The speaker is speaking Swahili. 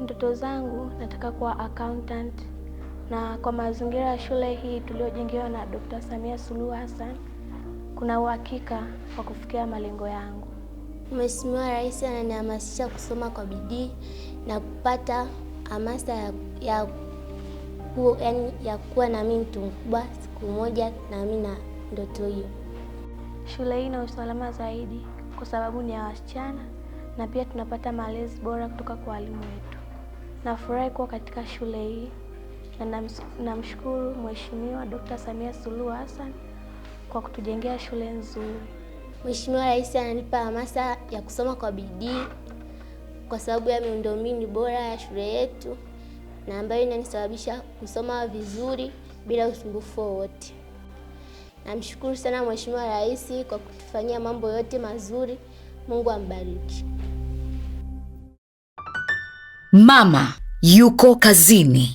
Ndoto zangu nataka kuwa accountant, na kwa mazingira ya shule hii tuliojengewa na Dr. Samia Suluhu Hassan kuna uhakika wa kufikia malengo yangu. Mheshimiwa Rais ananihamasisha kusoma kwa bidii na kupata hamasa ya, ya, ku, yani ya kuwa nami mtu mkubwa siku moja, nami na ndoto hiyo. Shule hii ina usalama zaidi kwa sababu ni ya wasichana na pia tunapata malezi bora kutoka kwa walimu wetu. Nafurahi kuwa katika shule hii na namshukuru Mheshimiwa Dkt. Samia Suluhu Hassan kwa kutujengea shule nzuri. Mheshimiwa Rais ananipa hamasa ya kusoma kwa bidii kwa sababu ya miundombinu bora ya shule yetu na ambayo inanisababisha kusoma vizuri bila usumbufu wowote. Namshukuru sana Mheshimiwa Rais kwa kutufanyia mambo yote mazuri. Mungu ambariki. Mama yuko kazini.